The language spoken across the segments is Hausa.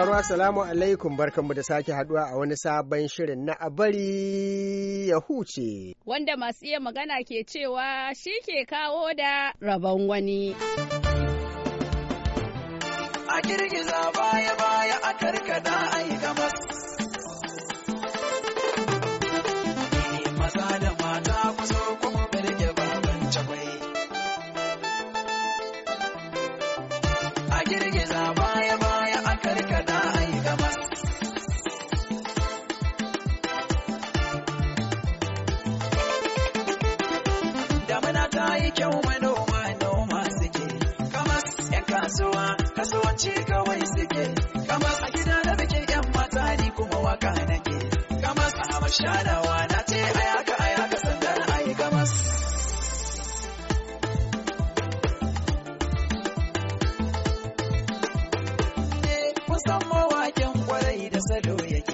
sauraro Assalamu alaikum barkanmu da sake haduwa a wani sabon shirin na abari ya huce. Wanda masu iya magana ke cewa shi ke kawo da rabon wani.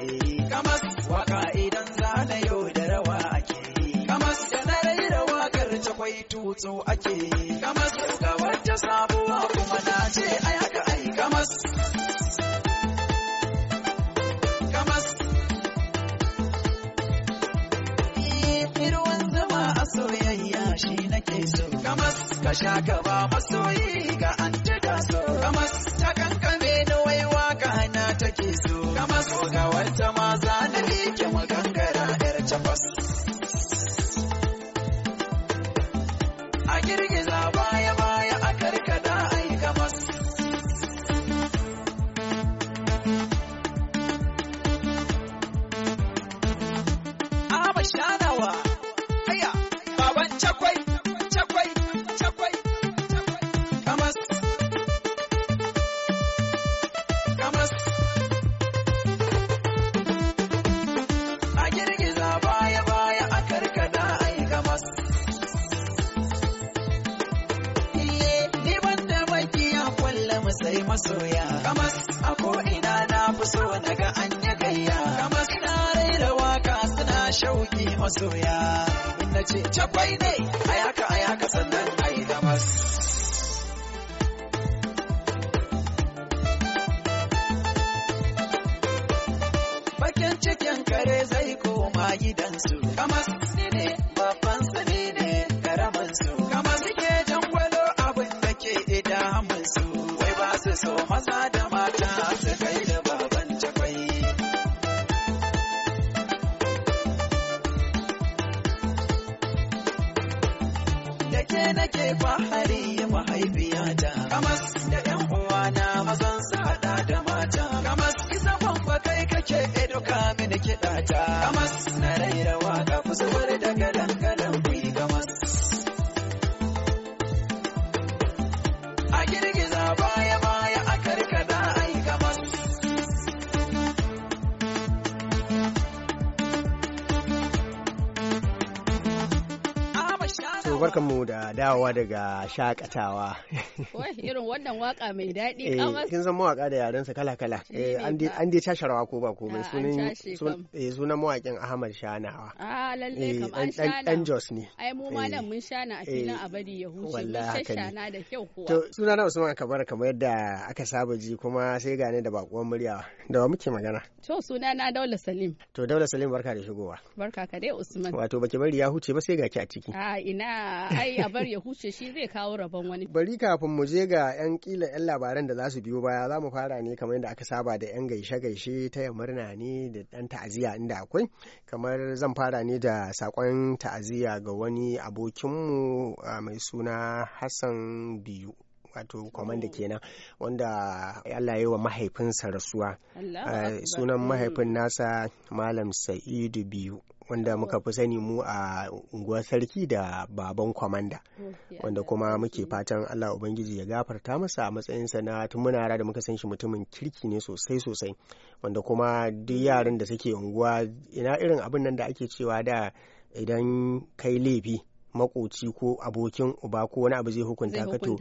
ake yi kamas waka idan za na yau da rawa ake yi kamas da na rai da wakar cakwai tutsu ake yi kamas ga wata sabuwa kuma na ce ai haka kamas kamas ruwan zama a soyayya shi nake so kamas ka sha gaba masoyi ga an da kamas ga wata ma masoya in na ce cakwai ne ayaka ayaka sannan ai gamas bakin cikin kare zai koma gidansu kamas ne babban sani ne karamansu. su ke jangwalo abin da ke idamun wai ba su so maza da kiɗa ta gamas na raira waka kusurwar da gadan gadan kuyi gamas a girgiza baya baya a karkada ai gamas barkanmu da dawowa daga shakatawa. irin wannan waka mai daɗi kamar. Eh, kin san mawaka da yarensa kala-kala. Eh, an dai cashe rawa ko ba komai ah, sunan eh, mawakin Ahmad Shanawa. Ah, lalle kam an shana. Dan Jos ne. Ai mu ma nan mun shana a filin abadi ya huce. sha shana da kyau kuwa. To suna na Usman Kabar kamar yadda aka saba ji kuma sai gane da bakuwan murya da wa muke magana. To suna na Daula Salim. To Daula Salim barka da shigowa. Barka ka dai Usman. Wato baki bari ya huce ba sai ga ki a ciki. Ah, ina ai bar ya huce shi zai kawo rabon wani. Bari kafin mu je ga 'yan kila 'yan labaran da za su biyo baya za mu fara ne kamar yadda aka saba da 'yan gaishe-gaishe ta murna ne da ɗan ta'aziyya inda akwai. Kamar zan fara ne da sakon ta'aziyya ga wani abokinmu mai suna Hassan Biyu. wato kwamanda oh. kenan wanda Allah yi wa mahaifinsa rasuwa sunan mm. mahaifin nasa malam sa'idu biyu wanda muka fi sani mu a unguwar sarki da baban kwamanda wanda kuma muke fatan allah ubangiji ya gafarta masa a matsayinsa na tun muna da muka san shi mutumin kirki ne sosai sosai wanda kuma duk mm. yaran da suke unguwa ina irin abin nan da ake cewa da idan kai laifi makoci ko abokin uba ko wani abu zai hukunta ka to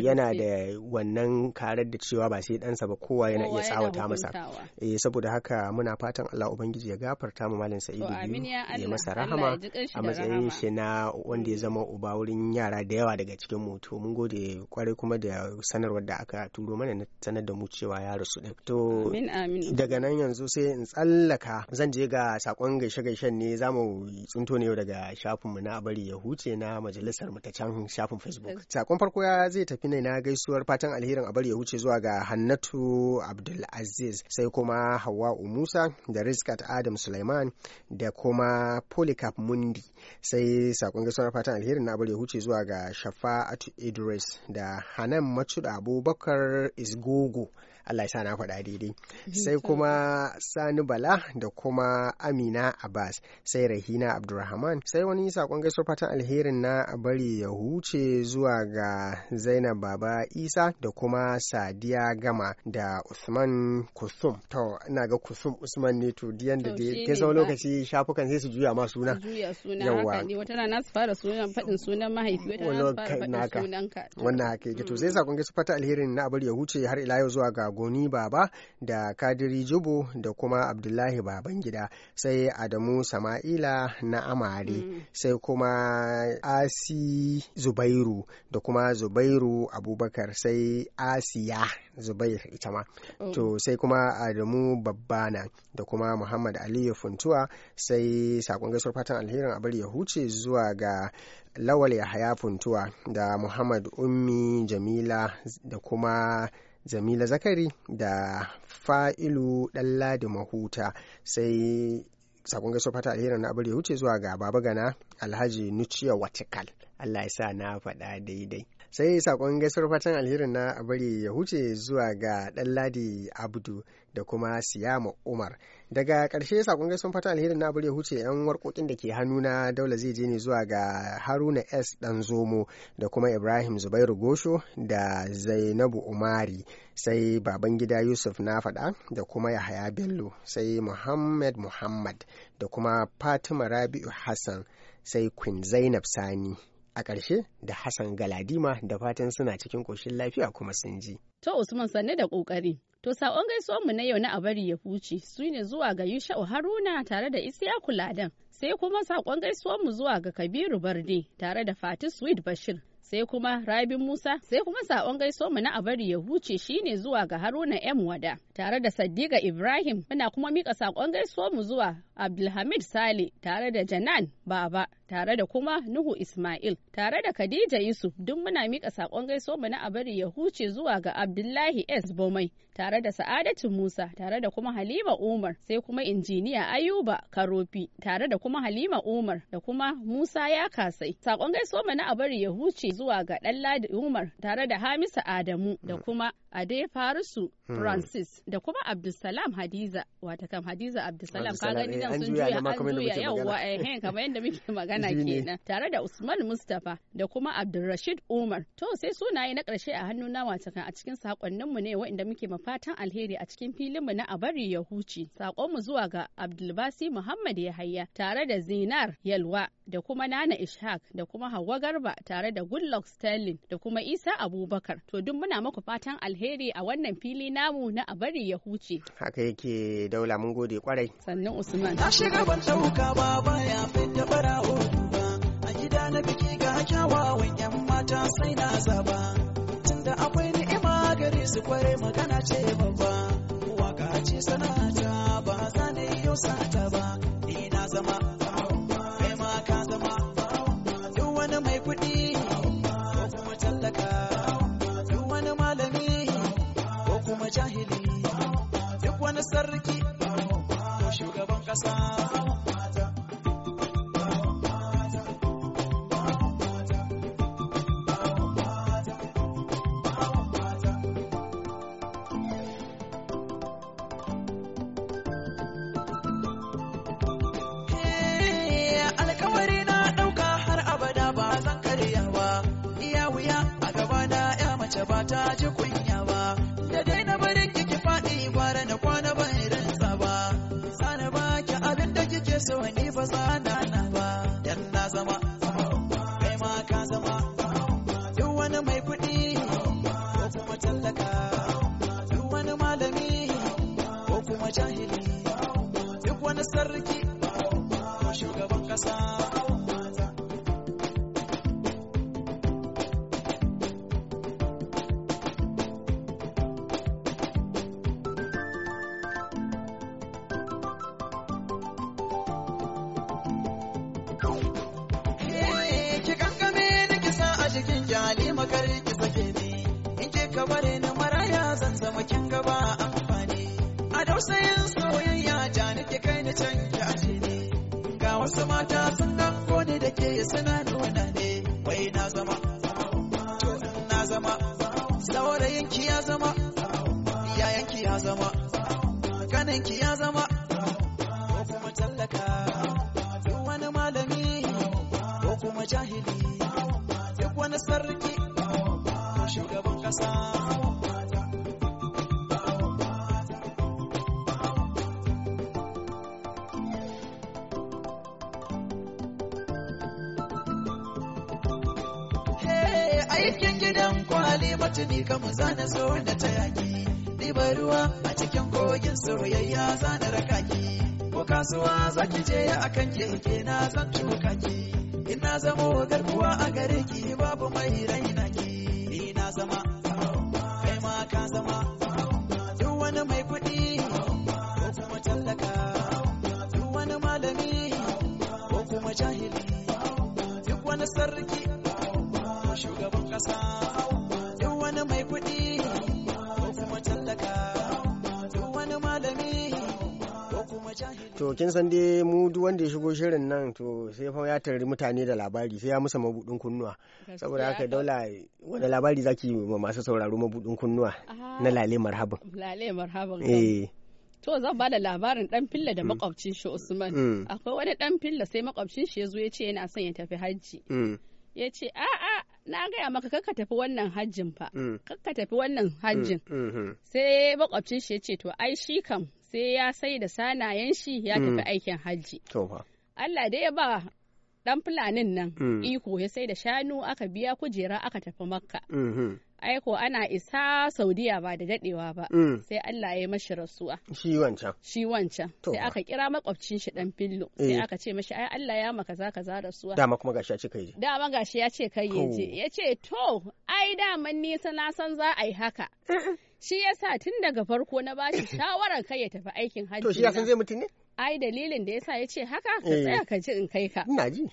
yana da wannan karar da cewa ba sai ɗansa ba kowa yana iya tsawata masa eh saboda haka muna fatan Allah ubangiji ya gafarta mu malam Sa'idu biyu ya masa rahama a matsayin shi na wanda ya zama uba wurin yara da yawa daga cikin mu to mun gode kwarai kuma da sanarwar da aka turo mana na sanar da mu cewa ya rasu din to daga nan yanzu sai in tsallaka zan je ga sakon gaishe-gaishen ne zamu tsinto ne yau daga shafinmu na abari ya huce na majalisar mu ta can shafin facebook sakon farko ya zai tafi ne na gaisuwar fatan alherin abar ya huce zuwa ga hannatu abdulaziz sai kuma hawa musa da rizkat adam suleiman da kuma polycarp mundi sai sakon gaisuwar fatan alherin na abar ya huce zuwa ga shafa'atu idris da hanan macud abubakar isgogo Allah ya sa na faɗa daidai sai kuma Sani Bala da kuma Amina Abbas sai Rahina Abdulrahman sai wani sakon gaisuwar fatan alherin na a bari ya huce zuwa ga Zainab Baba Isa da kuma Sadiya Gama da Usman Kusum to ina ga Kusum Usman ne to diyan da ke sau lokaci shafukan sai su juya ma suna yawa wata rana su fara sunan faɗin sunan mahaifi wata rana su fara faɗin ka. wannan haka yake to sai mm. sakon gaisuwar fatan alherin na a bari ya huce har ila yau zuwa ga Goni Baba da Kadiri Jubo da kuma Abdullahi Babangida sai Adamu Sama'ila na Amare mm. sai kuma Asi Zubairu da kuma Zubairu Abubakar sai Asiya Zubair ita ma. Mm. To sai kuma Adamu Babbana da kuma Muhammad Aliyu Funtuwa sai sakon gaisuwar fatan alherin abar ya huce zuwa ga Lawal Yahaya Funtuwa da Muhammad Ummi Jamila da kuma Jamila Zakari da Fa'ilu Ɗanladi Mahuta sai sakon gaso fata alherin na abu ya wuce zuwa ga baba gana alhaji nuciya watikal allah ya sa na faɗa daidai sai sakon gaisuwar fatan alherin na bari ya huce zuwa ga ladi abdu da kuma siyama umar daga ƙarshe sakon gaisuwar fatan alherin na bari ya huce yan warkokin da ke hannu na daula zai je ne zuwa ga haruna s dan zomo da kuma ibrahim zubairu gosho da zainabu umari sai baban gida yusuf na fada da kuma yahaya bello sai muhammad muhammad da kuma fatima rabi'u hassan sai queen zainab sani a ƙarshe da Hassan Galadima da fatan suna cikin ƙoshin lafiya kuma sun ji. To Usman sanne da ƙoƙari. To saƙon mu na yau na abari ya huce su ne zuwa ga Yusha'u Haruna tare da isiya Kuladan. sai kuma saƙon gaisuwanmu zuwa ga Kabiru Barde tare da Fati Sweet Bashir sai kuma Rabin Musa, sai kuma saƙon gaiso mu na abari ya huce shine zuwa ga Haruna M Wada tare da Sadiqa Ibrahim muna kuma mika saƙon gaiso mu zuwa Abdulhamid Sale tare da Janan Baba tare da kuma Nuhu Ismail tare da Khadija Yusuf duk muna mika saƙon gaiso mu na abari ya huce zuwa ga Abdullahi S Bomai tare da Sa'adatu Musa tare da kuma Halima Umar sai kuma injiniya Ayuba Karofi tare da kuma Halima Umar da kuma Musa ya kasai. Sakon gaisuwa na a bari ya huce zuwa ga ladi Umar tare da Hamisa Adamu da hmm. kuma Ade Farisu hmm. Francis da kuma Abdulsalam Hadiza wata kam Hadiza Abdulsalam ka gani eh, nan sun juya an juya yawwa eh kamar yadda muke magana kenan tare da Usman Mustapha da kuma Abdulrashid Umar to sai sunaye na ƙarshe a hannu na kan a cikin sakonnin mu ne waɗanda muke fatan alheri a cikin filinmu na abari ya huce. saƙonmu zuwa ga Abdulbasi Muhammad hayya tare da Zinar Yalwa da kuma Nana Ishaq da kuma Hauwa Garba tare da Goodluck Sterling da kuma Isa Abubakar. To duk muna muku fatan alheri a wannan fili namu na abari ya huce. Haka yake daula mun gode kwarai. Sannan Usman. Na shiga ban tauka ba baya fita bara ba. A gida na biki ga kyawawan 'yan mata sai na zaba. Tunda akwai gari su kware magana ce babba waka ce sanata ba za ni yau sata ba ni na zama kai ma ka zama duk wani mai kuɗi ko kuma tallaka duk wani malami ko kuma jahili duk wani sarki ko shugaban ƙasa ba ta ji kunya ba da dai na barin kiki faɗi gwara na kwana ba rinsa ba sana ba ki abin da kike so ni ba na ba dan na zama kai ma ka zama duk wani mai kuɗi ko kuma tallaka duk wani malami ko kuma jahili duk wani sarki ko shugaban kasa kare ki sake ni in ke ka bare ni maraya zan zama kin gaba amfani a dausayin soyayya ja nake kai ni can ki aje ni ga wasu mata sun nan gode da ke suna ni wana ne wai na zama na zama saurayin ki ya zama ya yanki ya zama kanin ki ya zama ko kuma tallaka duk wani malami ko kuma jahili duk wani sarki matasa. aikin gidan kwali matuni kamu zana tsohon da ta yaki riba ruwa a cikin kogin soyayya zana rakaki ko kasuwa za ki je akan keke na zan tuka ki ina zama garkuwa a gare ki babu mai rainaki ki ina zama zama duk wani mai kuɗi ko kuma tallaka duk wani malami ko kuma jahili duk wani sarki shugaban ƙasa to kin san dai mu duk wanda ya shigo shirin nan to sai fa ya tarri mutane da labari sai ya musa mabudin kunnuwa saboda haka daula wani labari zaki ma masu sauraro mabudin kunnuwa na lale marhaban lale marhaban eh to zan ba da labarin dan filla da mm. makwabcin shi Usman mm. akwai wani dan filla sai makwabcin shi ya zo ya ce yana son ya tafi hajji mm. ya ce a'a na gaya maka kakka tafi wannan hajjin fa kakka tafi wannan hajjin mm-hmm. sai makwabcin shi ya ce to ai shi kam sai ya sai da sanayen shi ya tafi mm. aikin hajji. Allah dai ya ba dan fulanin nan mm. iko ya sai da shanu aka biya kujera aka tafi makka. Mm-hmm. aiko ana isa saudiya ba da dadewa ba mm. sai Allah ya mashi rasuwa shi wancan shi wancan sai aka kira makwabcin shi dan fillo sai eh. aka ce mashi ai Allah ya maka za kaza rasuwa dama kuma gashi ya ce kai dama gashi ya ce kai je ya ce to ai daman nisa na san za a yi haka shi ya sa tun daga farko na bashi shawarar kai ya tafi aikin hajji to shi ya san zai mutu ne ai dalilin da yasa ya ce haka ka eh. tsaya ka ji in kai ka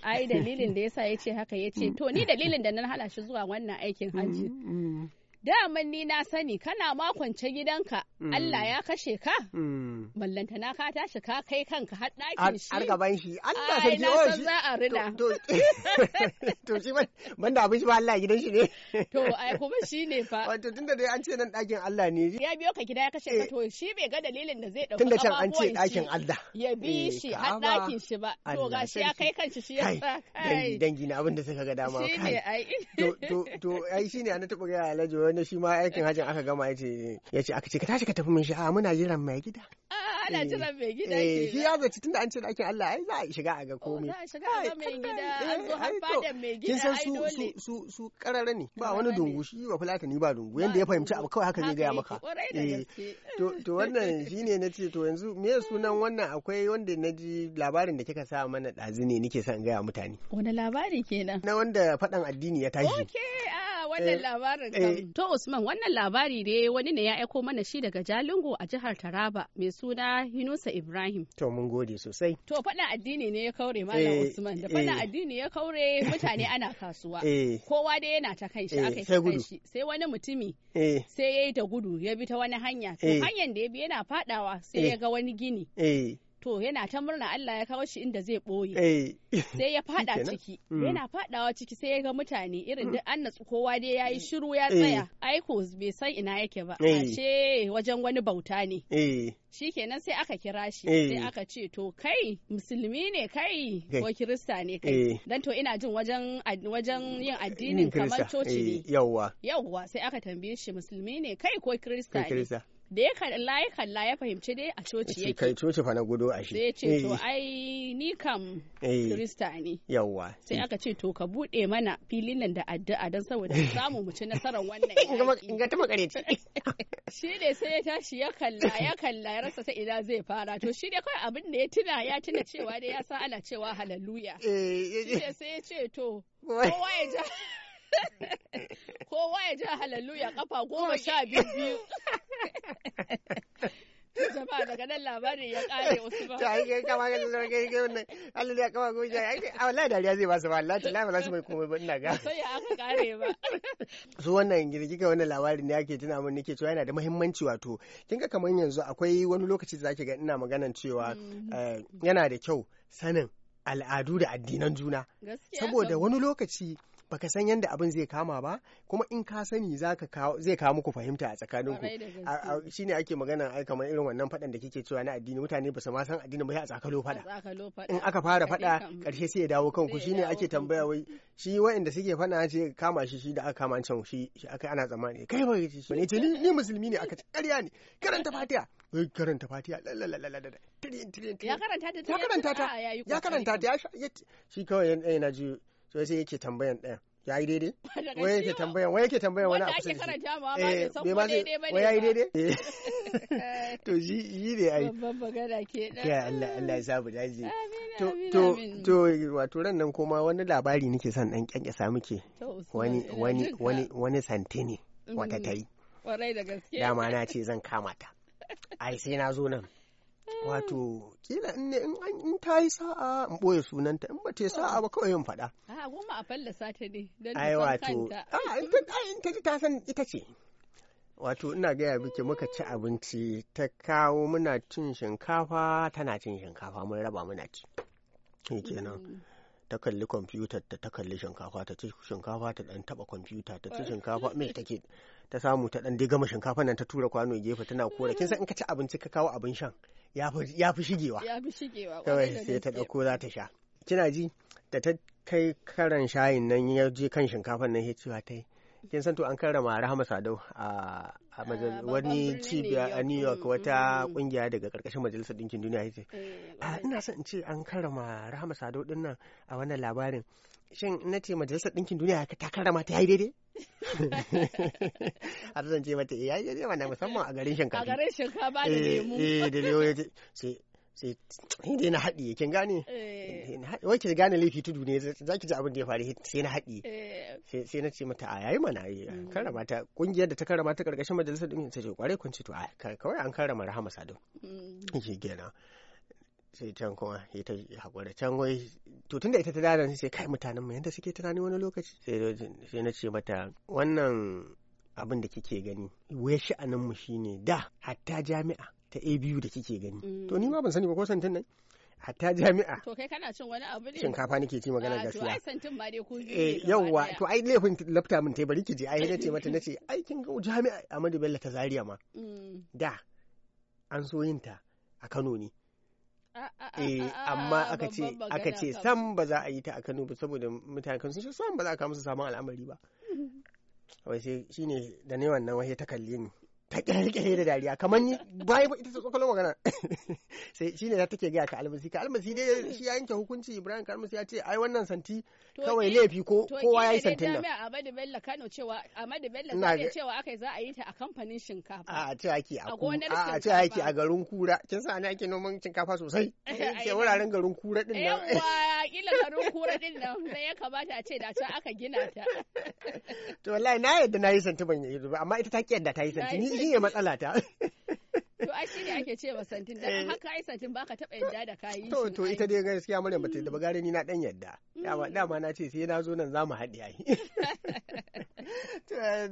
ai dalilin da yasa ya ce haka ya ce to ni dalilin da na hala shi zuwa wannan aikin hajji mm, mm. daman ni na sani kana makonce gidanka mm. Allah ya kashe ka Mallanta mm. na ka tashi ka kai kanka har ɗakin shi har gaban shi Allah sarki oh shi za a rina to shi ban da abin shi ba Allah gidan shi ne to ai kuma shi ne fa wato tunda dai an ce nan ɗakin Allah ne ya biyo ka gida ya kashe ka eh. to shi bai ga dalilin da zai dauka tunda can an ce ɗakin Allah ya bi eh, shi har ɗakin shi ba to gashi ya kai kanshi shi ya sa kai dangi na abin da suka ga dama kai to to ai shine an taɓa ga Alhaji wanda shi ma aikin hajjin aka gama ya ce ya ce aka ce ka tashi ka tafi mun shi a ah, muna jiran mai gida ah, ana eh. jiran mai gida eh, ke shi ya zaci da an ce aikin Allah ai za a shiga a ga oh, komai za a shiga a ga mai gida an eh, zo har fadan mai gida kin san su su su karara ne ba wani dungu shi ba fulata ni ba dungu yanda ya fahimci abu kawai haka zai gaya maka to to wannan shine na ce to yanzu me sunan wannan akwai wanda na ji labarin da kika sa mana ɗazi ne nike son gaya mutane wani labari kenan na wanda faɗan addini ya tashi Eh, wannan labarin eh. To Usman wannan labari ne wani ne ya aiko mana shi daga Jalingo a jihar Taraba mai suna Hinusa Ibrahim. To mun gode sosai. To fada addini ne ya kaure Malam eh, Usman da fada addini ya kaure mutane ana kasuwa. Kowa dai yana ta kan shi aka ta shi sai wani mutumi sai ya yi ta gudu ya bi ta wani hanya. To hanyar da ya bi yana faɗawa sai ya ga wani gini. to yana ta murna Allah ya kawo shi inda zai ɓoye. Eh. Sai ya faɗa ciki, mm. yana faɗawa ciki sai ya ga mutane irin duk an natsu kowa dai ya yi shiru ya eh. tsaya, aiko bai san ina yake ba, eh. ashe wajen wani bauta ne. Shi kenan sai aka kira shi, sai aka ce to kai musulmi ne kai ko kirista ne kai. Dan to ina jin wajen wajen yin mm, addinin kamar coci ne. Yawwa. Yawwa sai aka tambaye shi musulmi ne kai ko kirista ne. da ya kalla ya kalla ya fahimci dai a coci yake kai coci fa na gudu a shi sai ce to eh. ai ni kam eh. kirista ne yawwa sai eh. aka ce to ka bude mana filin nan da addu'a don saboda samu mu ci nasarar wannan in ga ta makareci shi ne sai ya tashi ya kalla ya kalla ya rasa ta ina zai fara to shi ne kawai abin da ya tuna ya tuna cewa dai ya sa ana cewa haleluya shi ne sai ya ce to kowa ya ja kowa ya ja haleluya kafa goma sha biyu jama'a daga nan labarin ya kare wasu ba. Ta ake kama kan zuwa kai kai wannan Allah ya kama ko ja ake a wallahi dariya zai ba su ba Allah ta lafa za su mai komai ba ina ga. Sai aka kare ba. So wannan girgika wannan labarin ne ake tuna mun nake cewa yana da muhimmanci wato kin ga kamar yanzu akwai wani lokaci da zaki ga ina maganan cewa mm-hmm. eh, yana da kyau sanin al'adu da addinan juna. Saboda wani lokaci baka san yadda abin zai kama ba kuma in ka sani zai kawo muku fahimta a tsakanin ku shine ake magana ai kamar irin wannan fadan da kike cewa na addini mutane ba su ma san addini ba sai a tsakalo fada in aka fara fada karshe sai ya dawo kanku ne ake tambaya wai shi wa'inda suke fada ce kama shi shi da aka kama can shi aka ana tsammani kai ba shi ne ni musulmi ne aka karya ne karanta fatiha karanta fatiha lalalalalala ya karanta ta ya karanta ta ya karanta ta shi kawai yana eh, ji so sai yake tambayan ɗaya ya yi daidai wai yake tambayan wai yake tambayan wani abu sai karanta ma eh, ba daidai wai ya yi daidai to ji yi ne ai babban gada ke dan ya Allah Allah ya sabu daji to to to wato ran nan kuma wani labari nake son dan kyankyasa muke wani wani wani wani santini wata mm. tai kwarai da gaske dama na ce zan kama ta ai sai na zo nan wato kila in in ta yi sa'a in boye sunanta in ba ta yi sa'a ba kawai yin faɗa. A goma a fallasa ta ne don wato a in ta ji ta san ita ce. Wato ina gaya biki muka ci abinci ta kawo muna cin shinkafa tana cin shinkafa mun raba muna ci. kenan. Mm. ta kalli kwamfutar ta ta kalli shinkafa ta ci shinkafa ta dan taba kwamfuta ta ci shinkafa mai take ta samu ta dan dai gama shinkafa nan ta tura kwano gefe tana kora kin san in ka ci abinci ka kawo abin shan ya fi shigewa ya fi shigewa kawai sai ta dauko za ta sha kina ji da ta kai karan shayin nan ya je kan shinkafa nan ya cewa ta yi kin san to an karrama rahama sadau a Ah, wani cibiya a New York wata kungiya daga karkashin Majalisar Dinkin Duniya yace eh, ah, ina son in ce an karrama Rahama Sado din nan a wannan labarin shin na ce Majalisar Dinkin Duniya ta karrama ta yi daidai har zan ce mata eh, ya yi daidai wannan musamman a garin shinkafa a garin shinkafa da eh, lemu lemu sai dai na haɗi kin gane eh. wai ki gane laifi tudu ne za ki ji abin da ya faru sai na haɗi eh. sai na ce mata a yayi mana eh, mm. Karama ta kungiyar da ta karrama ta karkashin majalisar ɗin ta ce kwarai kun ce to kawai an karama rahama sadau mm. shi kenan sai can kuma ya ta haƙura can wai to tun da ita ta dada sai kai mutanen mu yadda suke tunani wani lokaci sai na ce mata wannan abin da kike gani wai sha'anin mu shine da hatta jami'a ta A biyu da kike gani mm. to ni ma ban sani ba ko santin nan hatta jami'a to kai kana cin wani abu ne shinkafa nake ci magana ah, gaskiya to ai santin ma dai ko eh yawa to ai laifin lafta min tai bari kije ai nace mata nace ai kin ga jami'a Ahmadu Bello ta Zaria ma mm. da an so yin ta a Kano ne ah, ah, eh amma aka ce aka ce sam ba za a yi ta a Kano ba saboda mutane kan sun ce sam ba za a kawo musu samun al'amari ba wai sai shine da ne wannan wai ta kalle ni ta kyalkyale da dariya kamar ni bai ba ita tsokalo magana sai shine ta take gaya ka almasi ka almasi dai shi ya yanke hukunci Ibrahim Kalmasi ya ce ai wannan santi kawai laifi ko kowa yayi santin nan to Ahmadu Bello Kano cewa Ahmadu Bello Kano cewa akai za a yi ta a kamfanin shinkafa a ce ake a a ce ake a garin kura kin sa ana ake noman shinkafa sosai sai wuraren garin kura din nan yawa kila garin kura din nan sai ya kamata a ce da ta aka gina ta to wallahi na yadda na yi santi ban yi ba amma ita ta kiyar da ta yi santi shi matsala ta. To ai shi ne ake ce wa santin da eh. haka ai santin baka taba yadda da kayi To to ita dai gaskiya Maryam bata da bagare mm. ni na dan yadda. Dama mm. dama na ce sai na zo nan zamu haɗe ai.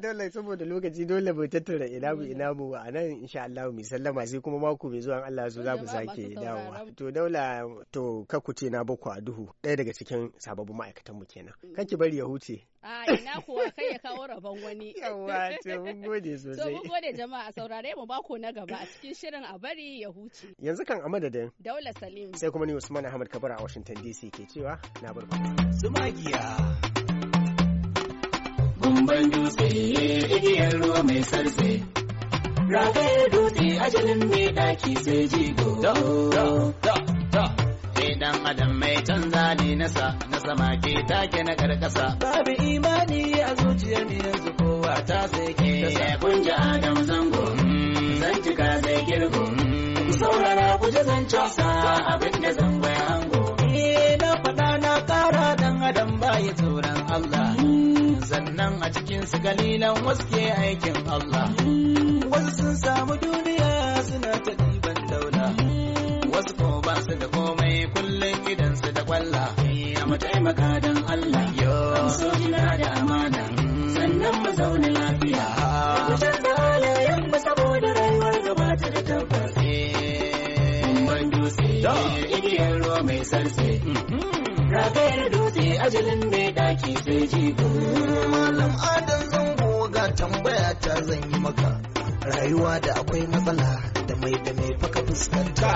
dole saboda lokaci dole mu tattara ina mu ina mu a nan insha Allah mu sallama sai kuma mako mai zuwa Allah su za mu sake dawowa to daula to ka kuce na boko a duhu ɗaya daga cikin sababbin ma'aikatan mu kenan kan ki bari ya huce a ina kuwa kai ya kawo rabon wani yawa to mun gode sosai to mun gode jama'a saurare mu bako na gaba a cikin shirin a bari ya huce yanzu kan a madadin daula salim sai kuma ni Usman Ahmad Kabara a Washington DC ke cewa na bar ku zumagiya kumban dutse igiyar ruwa mai sarse ragayar dutse ajalin mai daki sai jigo dan adam mai canza ne nasa na sama ke take na karkasa babu imani a zuciyar ni yanzu kowa ta sai ke da eh, adam zango hmm. zan cika zai girgo saurara ku zan casa abin da zan bayan a cikin su galilan waske aikin Allah. Wasu sun samu duniya suna ta ɗiban daula. Wasu ko ba su da komai kullum idan su da kwalla. Ya mu taimaka don Allah. Yo. sojina da amana. Sannan mu zauna lafiya. Kutar da halayen mu saboda rayuwar gaba ta da tabbas. Eh, mun dutse. Igiyar ruwa mai sarse. sai dutse ajalin mai daki sai jigo. Malam Adam zango ga tambaya ta zan yi maka. Rayuwa da akwai matsala da mai da mai faka fuskanta.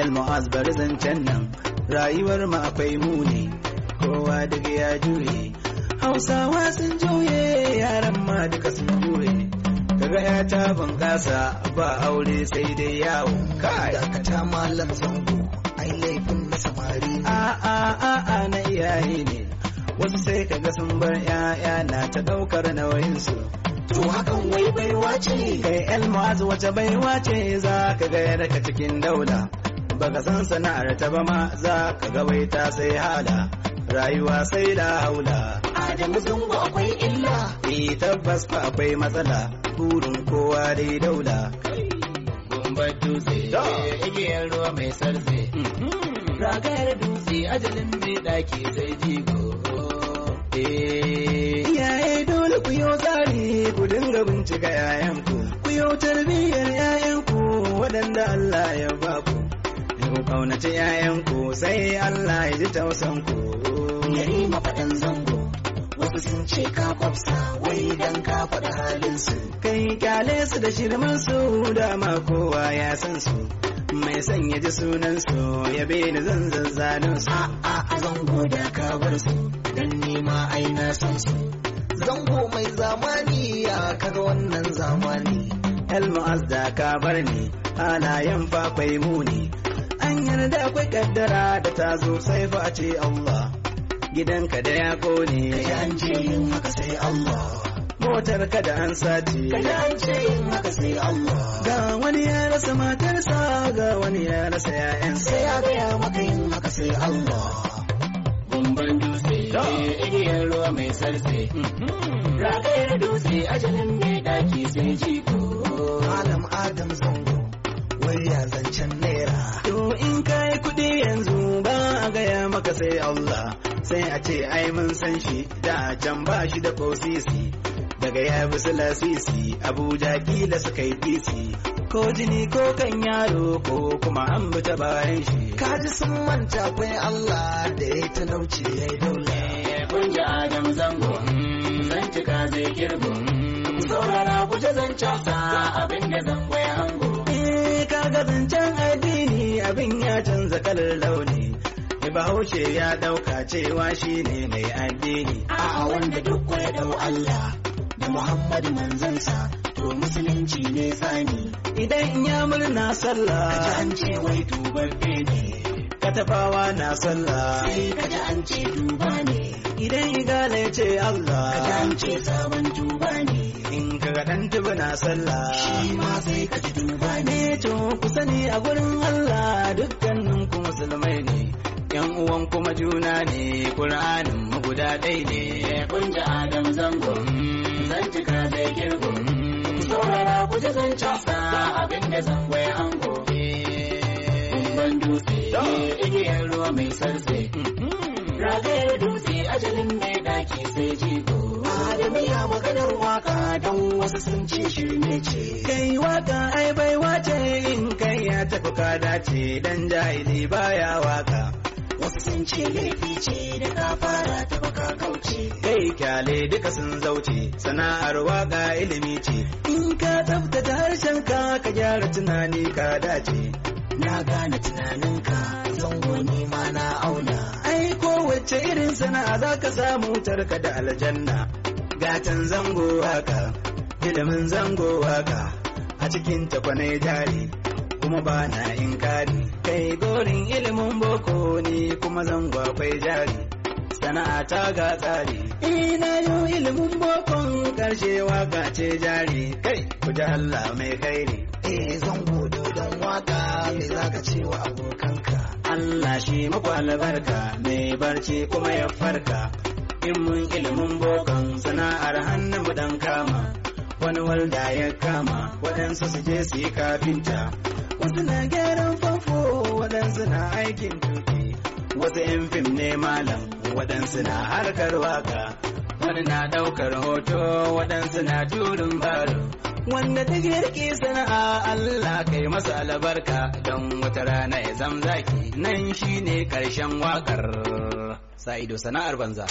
El Mu'az bari zancen nan rayuwar mu akwai muni kowa daga ya juye. Hausawa sun juye yaran ma duka sun jure. Daga ya ta bunƙasa ba aure sai dai yawo. Kai. Dakata malam zango. gari a a a a na iyaye ne wasu sai kaga sun bar 'ya'ya na ta ɗaukar nauyinsu to hakan wai baiwa ce kai Elmas wace baiwa ce za ka ga ka cikin daula baka san sana'ar ta ba ma za ka ga wai ta sai hala rayuwa sai da haula adamu ba akwai illa eh tabbas ba akwai matsala burin kowa dai daula gumbar sai igiyar ruwa mai sarze mm-hmm. ragayar dutse ajalin mai ɗaki ji jigo eh. iyaye dole ku tsari ku dinga bincika 'ya'yanku ku yi tarbiyyar 'ya'yanku waɗanda Allah ya ba ku ku 'ya'yanku sai Allah ya ji tausanku yari mafaɗin zango wasu sun ce ka kwafsa wai dan ka faɗa halinsu kai kyale su da shirmansu dama kowa ya san su mai son ya ji sunan su ya be da zan zanzanin su a zango da ka bar su dan nema aina na san su zango mai zamani ya kaga wannan zamani elmas da ka bar ni yan fa muni an yarda akwai kaddara da ta zo sai fa ce Allah gidanka da ya kone ya an ce yin haka sai Allah Kotar kada an sace kada an ce maka sai Allah ga wani ya rasa matarsa ga wani ya rasa yayan sai ya gaya maka yin maka sai Allah Bambam dutse igiyar ruwa mai sarse mm-hmm. ragayar dutse ajalin mai daki sai jiko malam adam zango wai ya zancen naira to in kai kuɗi yanzu ba a gaya maka sai Allah sai a ce ai mun san shi da can ba shi da kosisi daga ya musu lasisi abuja kila suka yi bisi ko jini ko kan yaro ko kuma an bi bayan shi kaji sun manta kwai allah da ya talauci ya yi daula eh, kunji adam zango mm, zan cika zai kirgo mm, saurara ku zan sa abin da zango ya hango eh, kaga zancen addini abin ya canza kalar launi eh, bahaushe ya dauka cewa shi ne mai addini a wanda duk kwaya dau Allah Muhammadu manzansa to musulunci ne tsani. Idan ya murna sallah. Kaji an ce wai dubar ne. Katafawa na sallah. Sai kaji an ce duba ne. Idan igala ya ce Allah. Kaji an ce sabon duba ne. In ka ga ɗan tuba na sallah. Shi ma sai kaji duba ne. Eh, to ku sani a gurin Allah dukkanin ku musulmai ne. yan uwan kuma juna ne Kur'anin mu guda ɗaya ne eh, kun ji adam zango cika zai girgo. Ku saurara ku ji zan casa abin da zan wai ango. Kumban dutse igiyar ruwa mai sarse. Mm-hmm. Ragayar dutse ajalin mai daki sai jigo. Adami ah, ya maganar waka don wasu sun ce shi ne ce. Kai waka ai baiwa ce in kai ya tafi ka dace dan jahili baya waka. wasu sun ce laifi ce da ka fara ta baka kauce kai kyale duka sun zauce sana'ar waka ilimi ce in ka tsaftace harshen ka ka gyara tunani ka dace na gane tunaninka zango ne ma na auna ai wacce irin sana'a za ka samu tarka da aljanna gatan zango waka ilimin zango waka a cikin takwanai jari kuma ba na inkari kai gorin ilimin boko ne kuma zango akwai jari sana'a ta ga tsari ina yi ilimin bokon karshe waka ce jari kai ku ji Allah mai kai ne eh zango dodon waka me zaka ce wa abokanka Allah shi muku albarka mai barci kuma ya farka Mun ilimin bokon sana'ar hannu mu dan kama wani walda ya kama waɗansu su je su yi kafinta wasu na gyaran famfo waɗansu na aikin tuki wasu yan fim ne malam waɗansu na harkar waka wani na ɗaukar hoto waɗansu na turin baro wanda ta girki sana'a Allah kai masa albarka don wata rana ya zamzaki nan shine karshen wakar sa'ido sana'ar banza.